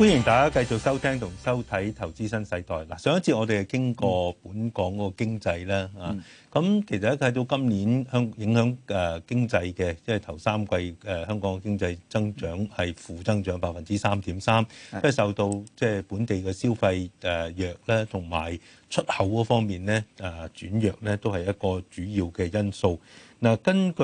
歡迎大家繼續收聽同收睇《投資新世代》嗱。上一次我哋係經過本港嗰個經濟咧啊，咁、嗯、其實一睇到今年香影響誒經濟嘅，即係頭三季誒香港嘅經濟增長係負增長百分之三點三，即係是受到即係本地嘅消費誒弱咧，同埋出口嗰方面咧誒轉弱咧，都係一個主要嘅因素。嗱，根據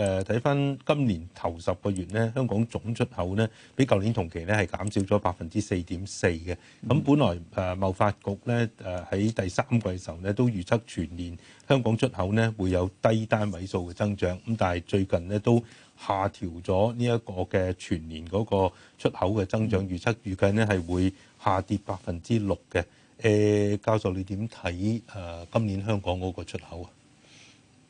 誒睇翻今年頭十個月咧，香港總出口咧比舊年同期咧係減少咗百分之四點四嘅。咁本來誒貿發局咧誒喺第三季嘅時候咧都預測全年香港出口咧會有低單位數嘅增長，咁但係最近咧都下調咗呢一個嘅全年嗰個出口嘅增長預測，預計咧係會下跌百分之六嘅。誒教授你點睇誒今年香港嗰個出口啊？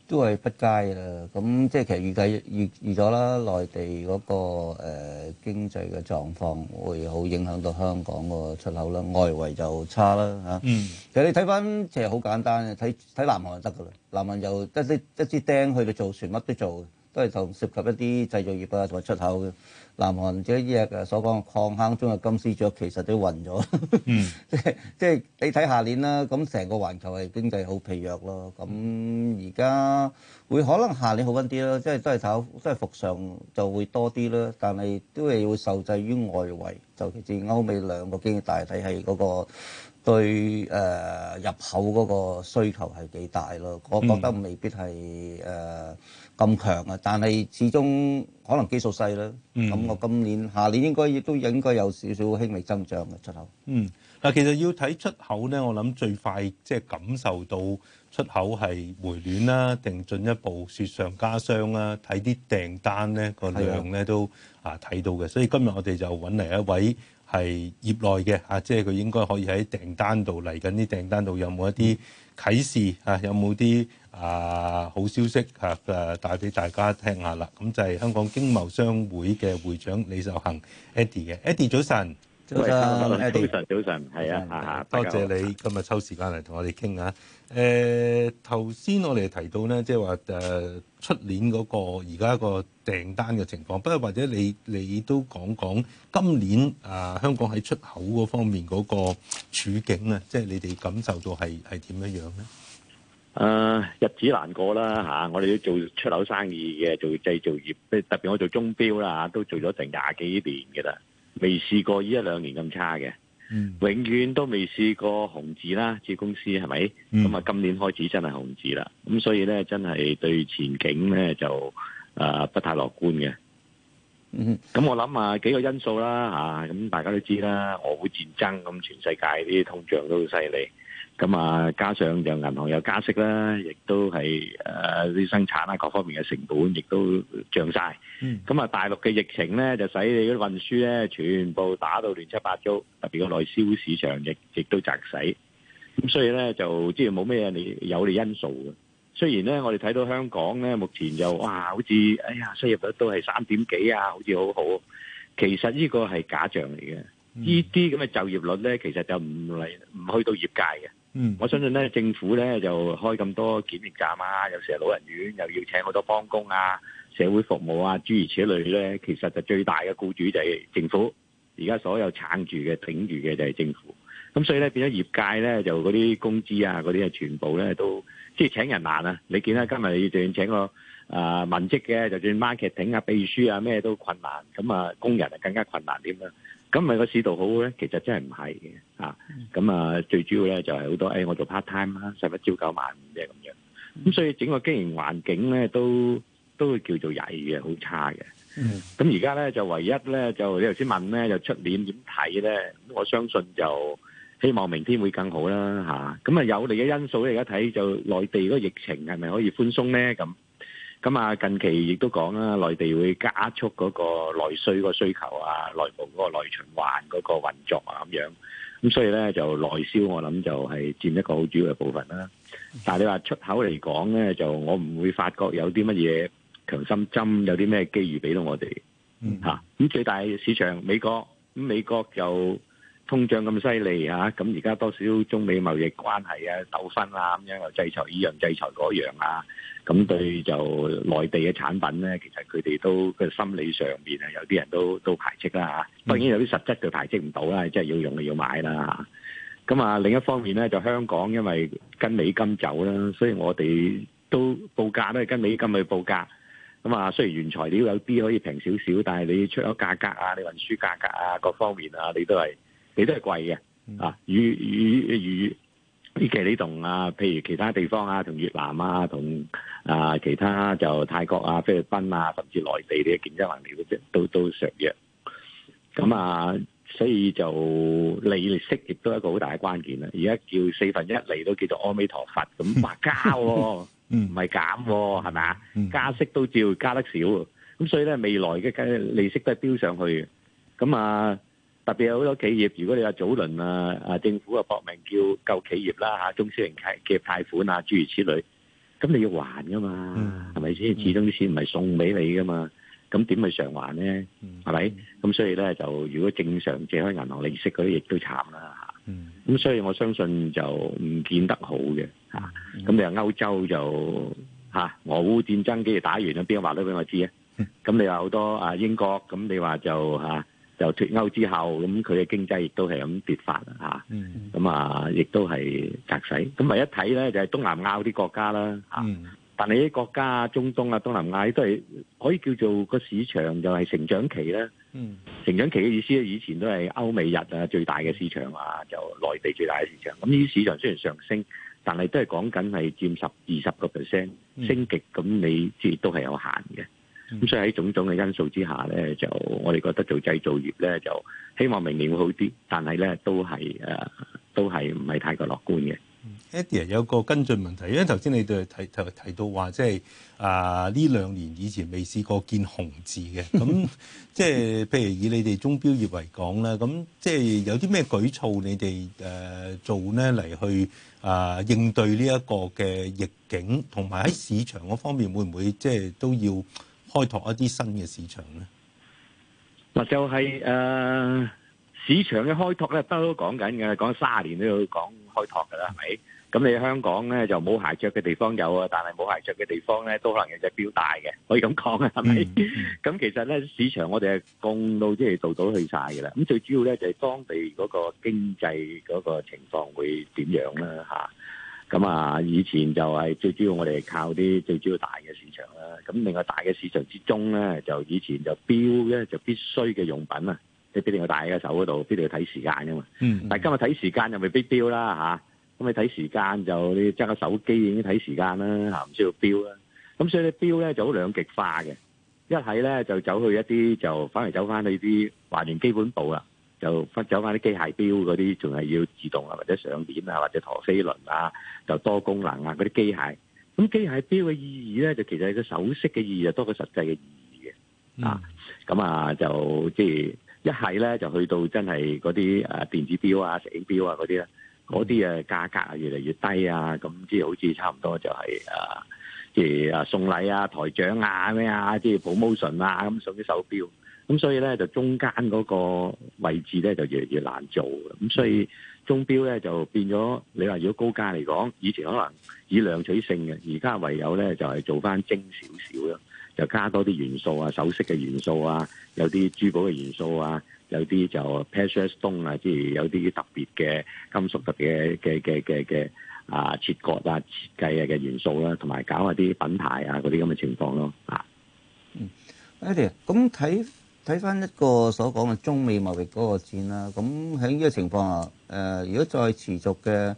都係不佳啦，咁即係其實預計預預咗啦，內地嗰、那個誒、呃、經濟嘅狀況會好影響到香港個出口啦，外圍就差啦，嗯、啊、其實你睇翻其實好簡單，睇睇南韓就得噶啦，南韓就得啲一支釘去到做，船乜都做。都係同涉及一啲製造業啊，同埋出口嘅。南韓或者呢日誒所講，礦坑中嘅金絲雀其實都暈咗。即係即係你睇下年啦，咁成個環球係經濟好疲弱咯。咁而家會可能下年好翻啲咯，即係都係炒，都係復上就會多啲啦。但係都係要受制於外圍，就其實歐美兩個經濟大體係嗰個對，呃、入口嗰個需求係幾大咯。我覺得未必係誒。嗯呃咁強啊！但係始終可能基數細啦。咁我、嗯、今年下年應該亦都應該有少少輕微增長嘅出口嘅。嗯，啊，其實要睇出口咧，我諗最快即係感受到出口係回暖啦，定進一步雪上加霜啦。睇啲訂單咧，個量咧的都啊睇到嘅。所以今日我哋就揾嚟一位係業內嘅嚇，即係佢應該可以喺訂單度，嚟緊啲訂單度有冇一啲啟示嚇，有冇啲？啊！好消息啊！帶俾大家聽下啦。咁就係香港經貿商會嘅會長李秀恒 Eddie 嘅。Eddie 早晨，早晨，早晨，早晨，係啊！嚇下，下下多謝你，下下你今日抽時間嚟同我哋傾下。誒、啊，頭先我哋提到咧，即係話出年嗰個而家個訂單嘅情況，不過或者你你都講講今年啊香港喺出口嗰方面嗰個處境啊，即係你哋感受到係係點樣樣咧？誒，日子難過啦吓，我哋都做出樓生意嘅，做製造業，特別我做中標啦，都做咗成廿幾年嘅啦，未試過呢一兩年咁差嘅，永遠都未試過紅字啦，啲公司係咪？咁啊，今年開始真係紅字啦，咁所以咧，真係對前景咧就誒不太樂觀嘅。嗯，咁我諗下幾個因素啦吓，咁大家都知啦，俄烏戰爭咁，全世界啲通脹都好犀利。咁啊，加上就銀行又加息啦，亦都係誒啲生產啊，各方面嘅成本亦都漲曬。咁啊，大陸嘅疫情咧，就使你嗰啲運輸咧，全部打到亂七八糟，特別個內銷市場亦亦都窄死。咁所以咧，就即係冇咩人哋有利因素嘅。雖然咧，我哋睇到香港咧，目前就哇，好似哎呀，失業率都係三點幾啊，好似好好。其實呢個係假象嚟嘅。呢啲咁嘅就業率咧，其實就唔嚟唔去到業界嘅。嗯，我相信咧，政府咧就開咁多檢驗站啊，有時係老人院又要請好多幫工啊、社會服務啊諸如此類咧，其實就最大嘅僱主就係政府。而家所有撐住嘅、頂住嘅就係政府。咁所以咧，變咗業界咧就嗰啲工資啊，嗰啲啊全部咧都即係、就是、請人難啊。你見啦，今日你就算請個啊、呃、文職嘅，就算 marketing 啊、秘書啊咩都困難。咁啊，工人啊更加困難啲啦。咁唔係個市道好咧，其實真係唔係嘅嚇。咁啊，最主要咧就係好多誒，我做 part time 啦，使乜朝九晚五啫咁樣。咁所以整個經營環境咧都都會叫做曳嘅，好差嘅。嗯。咁而家咧就唯一咧就你頭先問咧就出年點睇咧，我相信就希望明天會更好啦嚇。咁啊有利嘅因素咧，而家睇就內地嗰個疫情係咪可以寬鬆咧？咁。咁啊，近期亦都講啦，內地會加速嗰個內需個需求啊，內部嗰個內循環嗰個運作啊咁樣。咁所以咧就內銷，我諗就係佔一個好主要嘅部分啦。但係你話出口嚟講咧，就我唔會發覺有啲乜嘢強心針，有啲咩機遇俾到我哋。嗯，咁、啊、最大市場美國，咁美國就。通脹咁犀利啊，咁而家多少中美貿易關係啊鬥紛啊咁樣，又制裁依樣制裁嗰樣啊，咁對就內地嘅產品咧，其實佢哋都佢心理上面啊，有啲人都都排斥啦嚇。當然有啲實質就排斥唔到啦，即係要用嘅要買啦。咁啊另一方面咧，就香港因為跟美金走啦，所以我哋都報價咧跟美金去報價。咁啊雖然原材料有啲可以平少少，但係你出咗價格啊，你運輸價格啊各方面啊，你都係。你都係貴嘅啊？與與與，依期你同啊，譬如其他地方啊，同越南啊，同啊其他就泰國啊、菲律賓啊，甚至內地啲競爭能力都都都削弱。咁啊，所以就利息亦都係一個好大嘅關鍵啦。而家叫四分一厘都叫做阿彌陀佛咁，話加喎，唔係減喎，係咪？加息都照，加得少。咁所以咧，未來嘅利息都係飆上去嘅。咁啊～特別有好多企業，如果你有早輪啊啊政府啊搏命叫救企業啦嚇、啊，中小型企企業貸款啊諸如此類，咁你要還噶嘛，係咪先？係咪？始終啲錢唔係送俾你噶嘛，咁點去償還咧？係咪、嗯？咁所以咧就如果正常借開銀行利息嗰啲，亦都慘啦嚇。咁、嗯、所以我相信就唔見得好嘅嚇。咁、嗯啊、你話歐洲就嚇俄烏戰爭幾時打完、嗯、啊？邊個話都俾我知啊？咁你話好多啊英國咁，你話就嚇。就脫歐之後，咁佢嘅經濟亦都係咁跌法吓、嗯、咁啊，亦都係隔使。咁咪一睇咧，就係東南亞啲國家啦、嗯、但係啲國家中東啊，東南亞都係可以叫做個市場就係成長期啦。嗯、成長期嘅意思呢，以前都係歐美日啊最大嘅市場啊，就內地最大嘅市場。咁呢啲市場雖然上升，但係都係講緊係佔十二十個 percent 升極，咁你亦都係有限嘅。咁所以喺種種嘅因素之下咧，就我哋覺得做製造業咧，就希望明年會好啲，但係咧都係誒，都係唔係太過樂觀嘅。Eddie 有個跟進問題，因為頭先你哋提提提到話，即係啊呢兩年以前未試過見紅字嘅，咁即係譬如以你哋鐘錶業嚟講啦，咁即係有啲咩舉措你哋誒呃做咧嚟去啊應對呢一個嘅逆境，同埋喺市場嗰方面會唔會即係都要？開拓一啲新嘅市場咧，嗱，就係誒市場嘅開拓咧，不嬲都講緊嘅，講三十年都要講開拓噶啦，係咪？咁你香港咧就冇鞋着嘅地方有啊，但係冇鞋着嘅地方咧都可能有隻表大嘅，可以咁講啊，係咪？咁其實咧市場我哋係供到即係到到去晒噶啦，咁最主要咧就係當地嗰個經濟嗰個情況會點樣啦吓。咁啊，以前就係最主要我哋靠啲最主要大嘅市場啦。咁另外大嘅市場之中咧，就以前就表咧就必須嘅用品啊，你必定要戴喺手嗰度，必定要睇時間噶嘛。嗯，嗯。但係今日睇時間又未必表啦吓，咁啊，你睇時間就你揸個手機已經睇時間啦，吓唔需要表啦。咁所以咧表咧就好兩極化嘅，一係咧就走去一啲就反而走翻去啲懷念基本部啦。就忽走翻啲機械錶嗰啲，仲係要自動啊，或者上鏈啊，或者陀飛輪啊，就多功能啊，嗰啲機械。咁機械錶嘅意義咧，就其實係個首飾嘅意義，多過實際嘅意義嘅。啊，咁啊，就即係一係咧，就去到真係嗰啲啊電子錶啊、石英錶啊嗰啲咧，嗰啲啊價格啊越嚟越低啊，咁即係好似差唔多就係啊，即係啊送禮啊、台獎啊咩啊，即係 promotion 啊咁送啲手錶，咁所以咧就中間嗰個位置咧就越嚟越難做，咁所以中標咧就變咗你話如果高價嚟講，以前可能以量取勝嘅，而家唯有咧就係、是、做翻精少少咯，就加多啲元素啊、首飾嘅元素啊、有啲珠寶嘅元素啊、有啲就 precious stone 啊，即係有啲特別嘅金屬、特別嘅嘅嘅嘅啊切割啊、設計啊嘅元素啦，同埋搞下啲品牌啊嗰啲咁嘅情況咯，啊、嗯，嗯 Adrian 咁睇。睇翻一個所講嘅中美貿易嗰個戰啦，咁喺呢個情況啊，誒，如果再持續嘅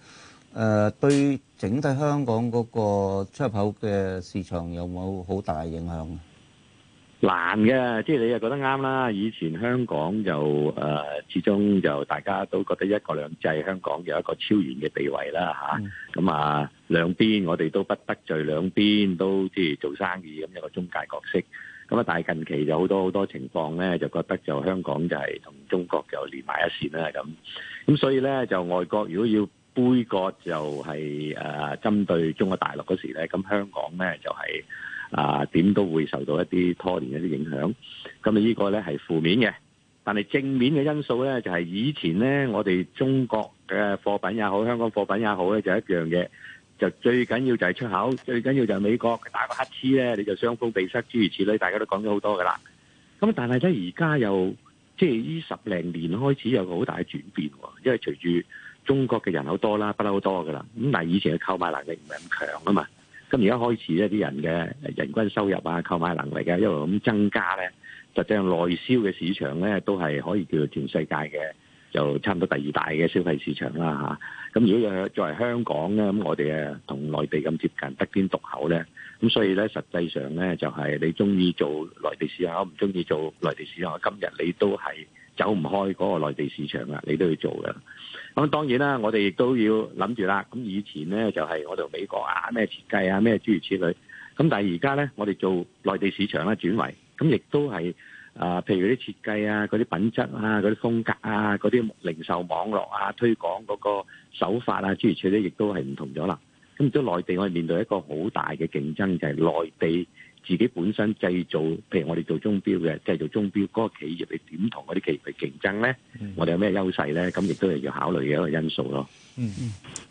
誒，對整體香港嗰個出入口嘅市場有冇好大影響？難嘅，即係你又覺得啱啦。以前香港就誒，始終就大家都覺得一國兩制，香港有一個超然嘅地位啦，嚇。咁啊，兩邊我哋都不得罪兩邊，都即係做生意咁一個中介角色。咁啊！但係近期就好多好多情況咧，就覺得就香港就係同中國就連埋一綫啦咁。咁所以咧，就外國如果要杯葛就係、是、誒、啊、針對中國大陸嗰時咧，咁香港咧就係、是、啊點都會受到一啲拖連一啲影響。咁啊，呢個咧係負面嘅，但係正面嘅因素咧就係、是、以前咧我哋中國嘅貨品也好，香港貨品也好咧就一樣嘅。就最緊要就係出口，最緊要就係美國佢打個乞嗤咧，你就雙方鼻塞，諸如此類，大家都講咗好多噶啦。咁但係咧，而家又即係呢十零年開始有個好大嘅轉變，因為隨住中國嘅人口多啦，不嬲好多噶啦。咁但係以前嘅購買能力唔係咁強啊嘛。咁而家開始咧，啲人嘅人均收入啊，購買能力啊，一路咁增加咧，實際上內銷嘅市場咧，都係可以叫做全世界嘅。就差唔多第二大嘅消費市場啦吓，咁如果要作為香港咧，咁我哋啊同內地咁接近，得天獨厚咧，咁所以咧，實際上咧，就係你中意做內地市場，唔中意做內地市場，今日你都係走唔開嗰個內地市場啊，你都要做嘅。咁當然啦，我哋亦都要諗住啦。咁以前咧就係我哋美國啊，咩設計啊，咩諸如此類。咁但係而家咧，我哋做內地市場啦，轉為咁，亦都係。啊，譬如啲設計啊，嗰啲品質啊，嗰啲風格啊，嗰啲零售網絡啊，推廣嗰個手法啊，諸如此類，亦都係唔同咗啦。咁都內地，我哋面對一個好大嘅競爭，就係內地自己本身製造，譬如我哋做鐘錶嘅製造鐘錶嗰個企業，你點同嗰啲企業去競爭咧？我哋有咩優勢咧？咁亦都係要考慮嘅一個因素咯。嗯，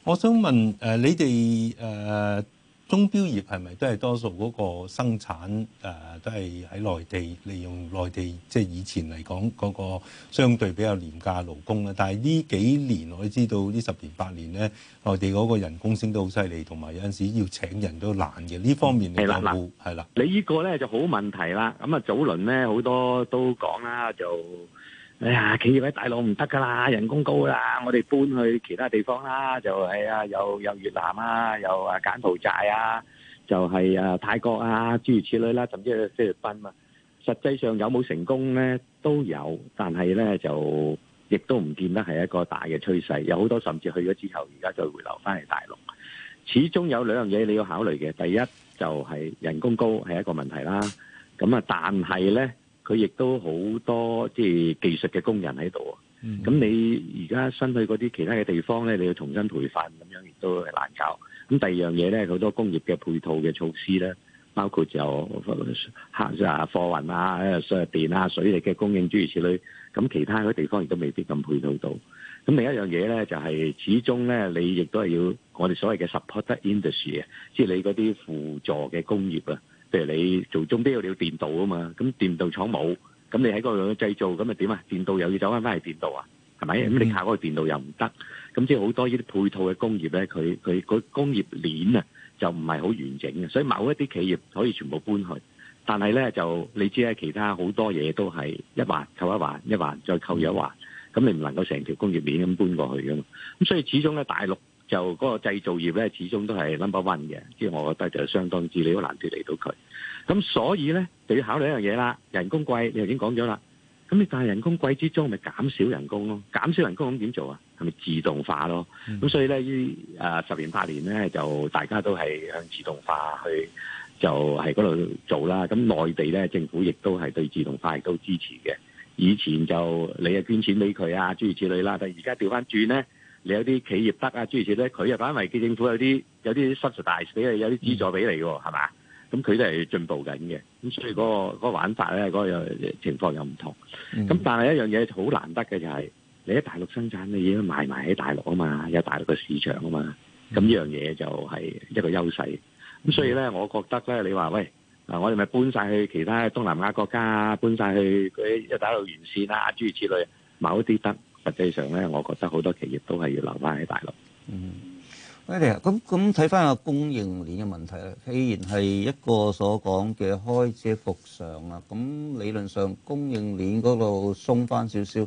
我想問誒，你哋誒。鐘錶業係咪都係多數嗰個生產誒，都係喺內地，利用內地，即係以前嚟講嗰個相對比較廉價勞工啦，但係呢幾年我知道呢十年八年咧，內地嗰個人工升得好犀利，同埋有陣時要請人都難嘅，呢方面嘅顧顧係啦。的你呢個咧就好問題啦，咁啊早輪咧好多都講啦就。哎呀，企業喺大陸唔得㗎啦，人工高啦，我哋搬去其他地方啦，就係啊，有有越南啊，有啊柬埔寨啊，就係啊泰國啊諸如此類啦，甚至係菲律賓啊。實際上有冇成功呢？都有，但係呢就亦都唔見得係一個大嘅趨勢。有好多甚至去咗之後，而家再回流翻嚟大陸。始終有兩樣嘢你要考慮嘅，第一就係人工高係一個問題啦。咁啊，但係呢。佢亦都好多即係技術嘅工人喺度啊！咁、嗯、你而家新去嗰啲其他嘅地方咧，你要重新培訓咁樣，亦都係難搞。咁第二樣嘢咧，好多工業嘅配套嘅措施咧，包括就客運啊、貨運啊、水電啊、水力嘅供應諸如此類。咁其他嗰啲地方亦都未必咁配套到。咁另一樣嘢咧，就係、是、始終咧，你亦都係要我哋所謂嘅 supporter industry，即係你嗰啲輔助嘅工業啊。譬如你做中標你要電鍍啊嘛，咁電鍍廠冇，咁你喺嗰度製造，咁啊點啊？電鍍又要走翻翻去電鍍啊，係咪？嗯、你下個個電鍍又唔得，咁即係好多呢啲配套嘅工業咧，佢佢工業鏈啊，就唔係好完整嘅，所以某一啲企業可以全部搬去，但係咧就你知啦，其他好多嘢都係一環扣一環，一環再扣一環，咁你唔能夠成條工業鏈咁搬過去噶嘛，咁所以始終咧大陸。就嗰個製造業咧，始終都係 number one 嘅，即係我覺得就相當之你好難脫離到佢。咁所以咧，就要考慮一樣嘢啦，人工貴，你頭先講咗啦。咁你但係人工貴之中，咪減少人工咯？減少人工咁點做啊？係咪自動化咯？咁、嗯、所以咧，呢啲十年八年咧，就大家都係向自動化去，就喺嗰度做啦。咁內地咧，政府亦都係對自動化亦都支持嘅。以前就你啊捐錢俾佢啊，諸如此類啦。但係而家調翻轉咧。你有啲企業得啊，諸如此類，佢又反為政府有啲有啲 subsidize 俾你有啲資助俾你喎，係嘛、嗯？咁佢都係進步緊嘅，咁所以嗰、那個嗰玩法咧，嗰、那個情況又唔同。咁、嗯、但係一樣嘢好難得嘅就係、是、你喺大陸生產，你已經賣埋喺大陸啊嘛，有大陸嘅市場啊嘛，咁呢樣嘢就係一個優勢。咁、嗯、所以咧，我覺得呢，你話喂，我哋咪搬晒去其他東南亞國家，搬晒去嗰一大陸完善啊，諸如此類，某啲得。實際上咧，我覺得好多企業都係要留翻喺大陸。嗯，喂，咁咁睇翻個供應鏈嘅問題啦。既然係一個所講嘅開車復常啊，咁理論上供應鏈嗰度鬆翻少少，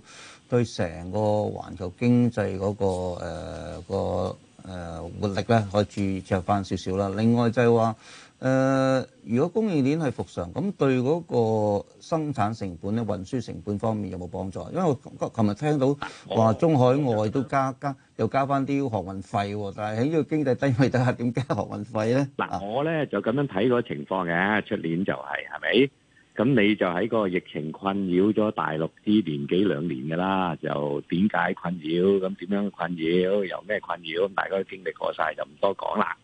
對成個環球經濟嗰、那個誒個、呃呃呃、活力咧，可以注着翻少少啦。另外就係話。誒，如果供應鏈係復常咁，對嗰個生產成本咧、運輸成本方面有冇幫助？因為我琴日聽到話中海外都加加又加翻啲航運費喎，但係喺呢個經濟低位底下點加航運費咧？嗱，我咧就咁樣睇個情況嘅，出年就係係咪？咁你就喺個疫情困擾咗大陸啲年幾兩年㗎啦，就點解困擾？咁點樣困擾？有咩困擾？大家都經歷過曬，就唔多講啦。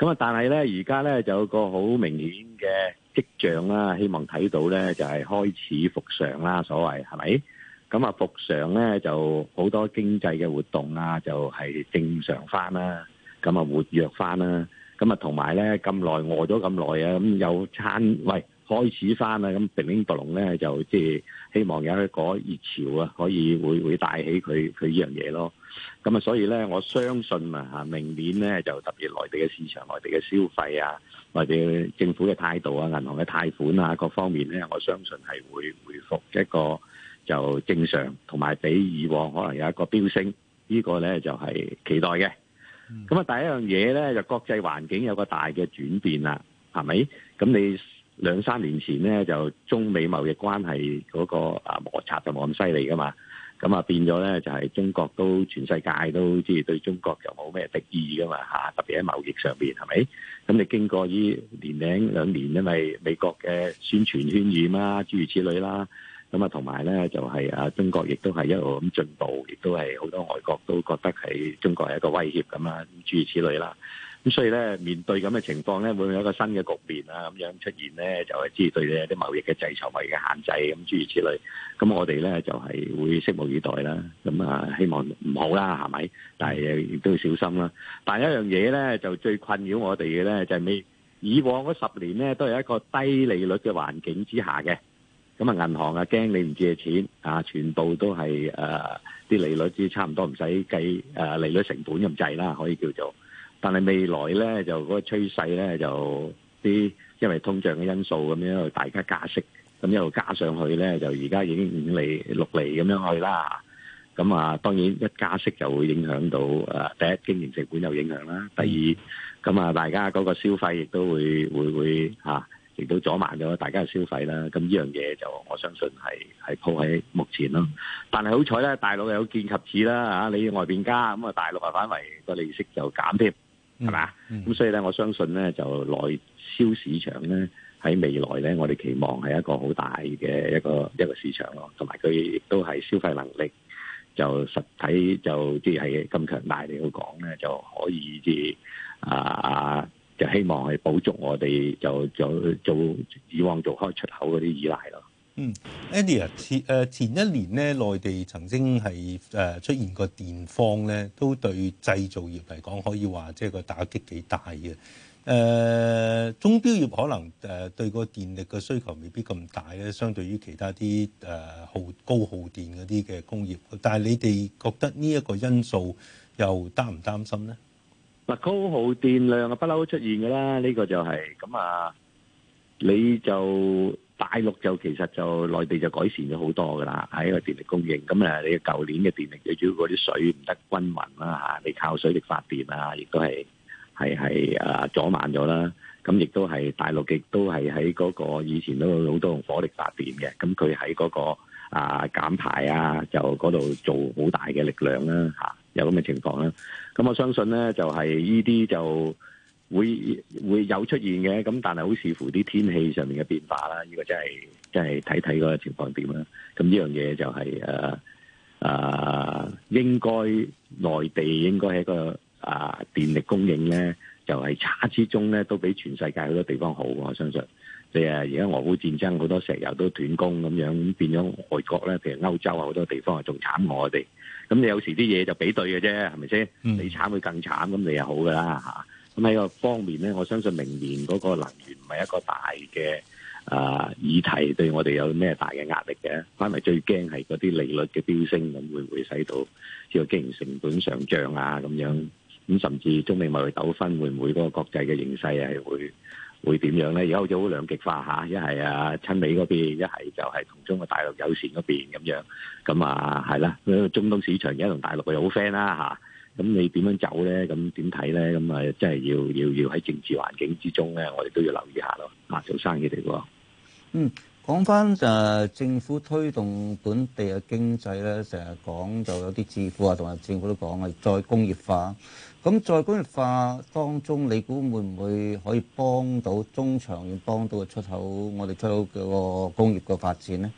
咁啊！但係咧，而家咧就有個好明顯嘅跡象啦，希望睇到咧就係開始復常啦，所謂係咪？咁啊，復常咧就好多經濟嘅活動啊，就係正常翻啦，咁啊活躍翻啦，咁啊同埋咧咁耐餓咗咁耐啊，咁有餐餵。開始翻啦！咁叮叮噥隆咧就即係希望有一個熱潮啊，可以會會帶起佢佢呢樣嘢咯。咁啊，所以咧我相信啊，嚇明年咧就特別內地嘅市場、地啊、內地嘅消費啊，或者政府嘅態度啊、銀行嘅貸款啊各方面咧，我相信係會回復一個就正常，同埋比以往可能有一個飆升。呢、呢個咧就係期待嘅。咁啊，第一樣嘢咧就國際環境有一個大嘅轉變啦，係咪？咁你。兩三年前呢，就中美貿易關係嗰個啊摩擦就冇咁犀利噶嘛，咁啊變咗呢，就係、是、中國都全世界都即係對中國就冇咩敵意噶嘛吓，特別喺貿易上面，係咪？咁你經過呢年零兩年，因為美國嘅宣傳渲染啦，諸如此類啦，咁啊同埋呢，就係、是、啊中國亦都係一路咁進步，亦都係好多外國都覺得係中國係一個威脅咁啦，諸如此類啦。咁所以咧，面對咁嘅情況咧，會有一個新嘅局面啊，咁樣出現咧，就係知對你一啲貿易嘅制裁、貿易嘅限制咁諸如此類。咁我哋咧就係會拭目以待啦。咁啊，希望唔好啦，係咪？但係亦都要小心啦。但係有一樣嘢咧，就最困擾我哋嘅咧，就係未以往嗰十年咧，都係一個低利率嘅環境之下嘅。咁啊，銀行啊驚你唔借錢啊，全部都係誒啲利率，即係差唔多唔使計誒利率成本咁滯啦，可以叫做。但係未來呢，就、那、嗰個趨勢呢，就啲，因為通脹嘅因素咁樣，大家加息，咁一路加上去呢，就而家已經五厘、六厘咁樣去啦。咁啊當然一加息就會影響到、啊、第一經營成本有影響啦。第二咁啊，大家嗰個消費亦都會會會嚇，亦、啊、都阻慢咗大家嘅消費啦。咁呢樣嘢就我相信係係鋪喺目前咯。但係好彩呢，大陸有見及此啦，你外邊加咁啊，大陸啊反為個利息就減添。係嘛？咁、嗯嗯、所以咧，我相信咧，就內銷市場咧，喺未來咧，我哋期望係一個好大嘅一個一個市場咯，同埋佢亦都係消費能力就實體就即係咁強大力嚟講咧，就可以即係啊，就希望係補足我哋就就做以往做開出口嗰啲依賴咯。嗯，Andy 啊，前誒前一年咧，內地曾經係誒、呃、出現過電荒咧，都對製造業嚟講可以話即係個打擊幾大嘅。誒、呃，鐘錶業可能誒、呃、對個電力嘅需求未必咁大咧，相對於其他啲誒耗高耗電嗰啲嘅工業。但係你哋覺得呢一個因素又擔唔擔心咧？嗱，高耗電量啊，不嬲出現嘅啦，呢、這個就係、是、咁啊，你就。大陸就其實就內地就改善咗好多噶啦，喺個電力供應，咁誒你舊年嘅電力最主要嗰啲水唔得均勻啦、啊、嚇，你靠水力發電啊，亦都係係係誒阻慢咗啦，咁亦都係大陸亦都係喺嗰個以前都好多用火力發電嘅，咁佢喺嗰個啊減排啊就嗰度做好大嘅力量啦、啊、嚇、啊，有咁嘅情況啦、啊，咁我相信咧就係依啲就。會會有出現嘅，咁但係好視乎啲天氣上面嘅變化啦。呢個真係真係睇睇個情況點啦。咁呢樣嘢就係誒誒，應該內地應該係一個啊、呃、電力供應咧就係、是、差之中咧都比全世界好多地方好。我相信你啊，而家俄烏戰爭好多石油都斷供咁樣，變咗外國咧，譬如歐洲啊好多地方係仲慘我哋。咁你有時啲嘢就比對嘅啫，係咪先？你慘佢更慘，咁你又好噶啦吓。咁喺個方面咧，我相信明年嗰個能源唔係一個大嘅啊、呃、議題，對我哋有咩大嘅壓力嘅？反為最驚係嗰啲利率嘅飆升，咁會唔會使到、呢個經營成本上漲啊？咁樣，咁甚至中美貿易糾紛會唔會嗰個國際嘅形勢係會會點樣咧？而家好似好兩極化吓，一係啊親美嗰邊，一係就係同中國大陸友善嗰邊咁樣。咁啊係啦，中東市場而家同大陸嘅好 friend 啦吓。咁你點樣走咧？咁點睇咧？咁啊，真係要要要喺政治環境之中咧，我哋都要留意下咯。啊，做生意嚟嘅。嗯，講翻就政府推動本地嘅經濟咧，成日講就有啲智庫啊，同埋政府都講啊，再工業化。咁再工業化當中，你估會唔會可以幫到中長遠幫到個出口？我哋出口嘅個工業嘅發展咧？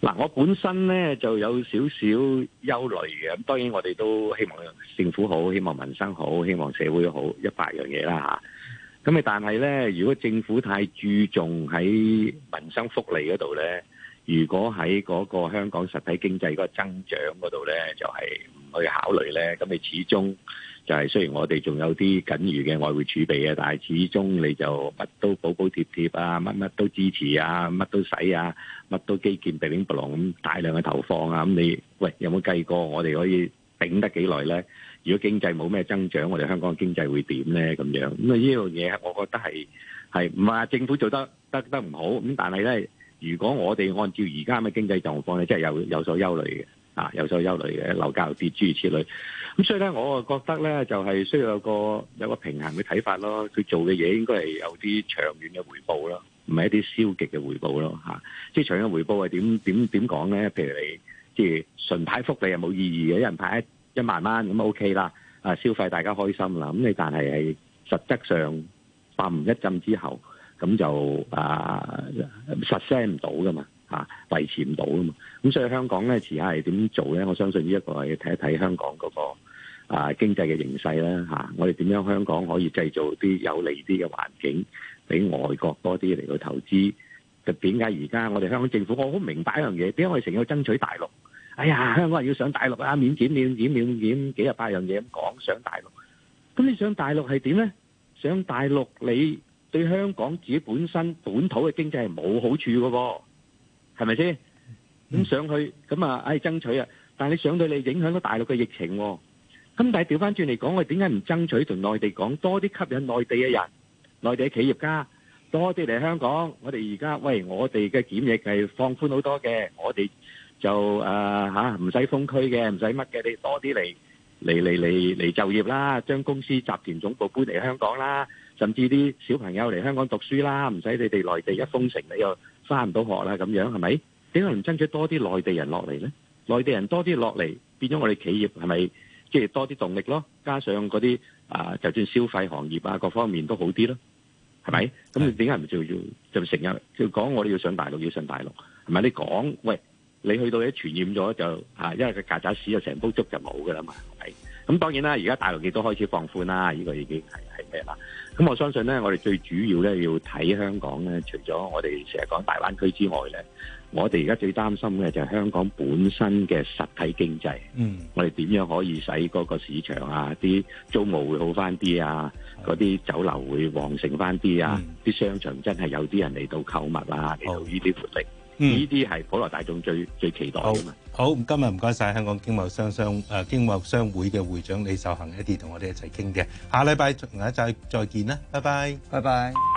嗱，我本身咧就有少少憂慮嘅，咁當然我哋都希望政府好，希望民生好，希望社會好，一百樣嘢啦吓。咁你但係咧，如果政府太注重喺民生福利嗰度咧，如果喺嗰個香港實體經濟嗰個增長嗰度咧，就係唔去考慮咧，咁你始終。就係雖然我哋仲有啲僅餘嘅外匯儲備啊，但係始終你就乜都補補貼貼啊，乜乜都支持啊，乜都使啊，乜都基建 bling bling 咁大量嘅投放啊，咁你喂，有冇計過我哋可以頂得幾耐咧？如果經濟冇咩增長，我哋香港嘅經濟會點咧？咁樣咁啊，呢樣嘢，我覺得係係唔係政府做得得得唔好咁？但係咧，如果我哋按照而家嘅經濟狀況咧，真係有有所憂慮嘅。啊，有所憂慮嘅樓價跌諸如此類，咁所以咧，我就覺得咧就係、是、需要有個有個平衡嘅睇法咯。佢做嘅嘢應該係有啲長遠嘅回報咯，唔係一啲消極嘅回報咯嚇。即、啊、係、就是、長遠回報係點點點講咧？譬如你即係純派福利又冇意義嘅，一人派一萬蚊咁 OK 啦。啊，消費大家開心啦。咁你但係係實質上泵一陣之後，咁就啊實現唔到噶嘛。啊，維持唔到啊嘛！咁所以香港咧，遲下係點做咧？我相信呢一個係要睇一睇香港嗰、那個啊經濟嘅形勢啦。啊、我哋點樣香港可以製造啲有利啲嘅環境，俾外國多啲嚟到投資？就點解而家我哋香港政府，我好明白一樣嘢，點解我哋成日去爭取大陸？哎呀，香港人要上大陸啊！免檢免檢免檢幾廿八樣嘢咁講上大陸。咁你上大陸係點咧？上大陸你對香港自己本身本土嘅經濟係冇好處嘅喎、啊。係咪先？咁上去咁啊，唉，爭取啊！但係你上到嚟影響到大陸嘅疫情，咁但係調翻轉嚟講，我哋點解唔爭取同內地講多啲吸引內地嘅人，內地嘅企業家多啲嚟香港？我哋而家喂，我哋嘅檢疫係放寬好多嘅，我哋就誒吓唔使封區嘅，唔使乜嘅，你多啲嚟嚟嚟嚟嚟就業啦，將公司集團總部搬嚟香港啦，甚至啲小朋友嚟香港讀書啦，唔使你哋內地一封城，你又。翻唔到學啦咁樣係咪？點解唔爭取多啲內地人落嚟咧？內地人多啲落嚟，變咗我哋企業係咪即係多啲動力咯？加上嗰啲啊，就算消費行業啊各方面都好啲咯，係咪？咁你點解唔就要就成日就講我哋要上大陸，要上大陸係咪？你講喂，你去到啲傳染咗就嚇、啊，因為個曱甴屎就成煲粥就冇噶啦嘛係。咁當然啦，而家大陸亦都開始放寬啦，呢、呢個已經係。係係咩啦？咁、嗯、我相信咧，我哋最主要咧要睇香港咧，除咗我哋成日講大灣區之外咧，我哋而家最擔心嘅就係香港本身嘅實體經濟。嗯，我哋點樣可以使嗰個市場啊，啲租務會好翻啲啊，嗰啲酒樓會旺盛翻啲啊，啲、嗯、商場真係有啲人嚟到購物啊，嚟、哦、到呢啲活力，呢啲係普羅大眾最最期待噶嘛、哦。好，今日唔該晒香港經貿商商誒，啊、經貿商會嘅會長李秀恒 Andy 同我哋一齊傾嘅，下禮拜同一陣再見啦，拜拜，拜拜。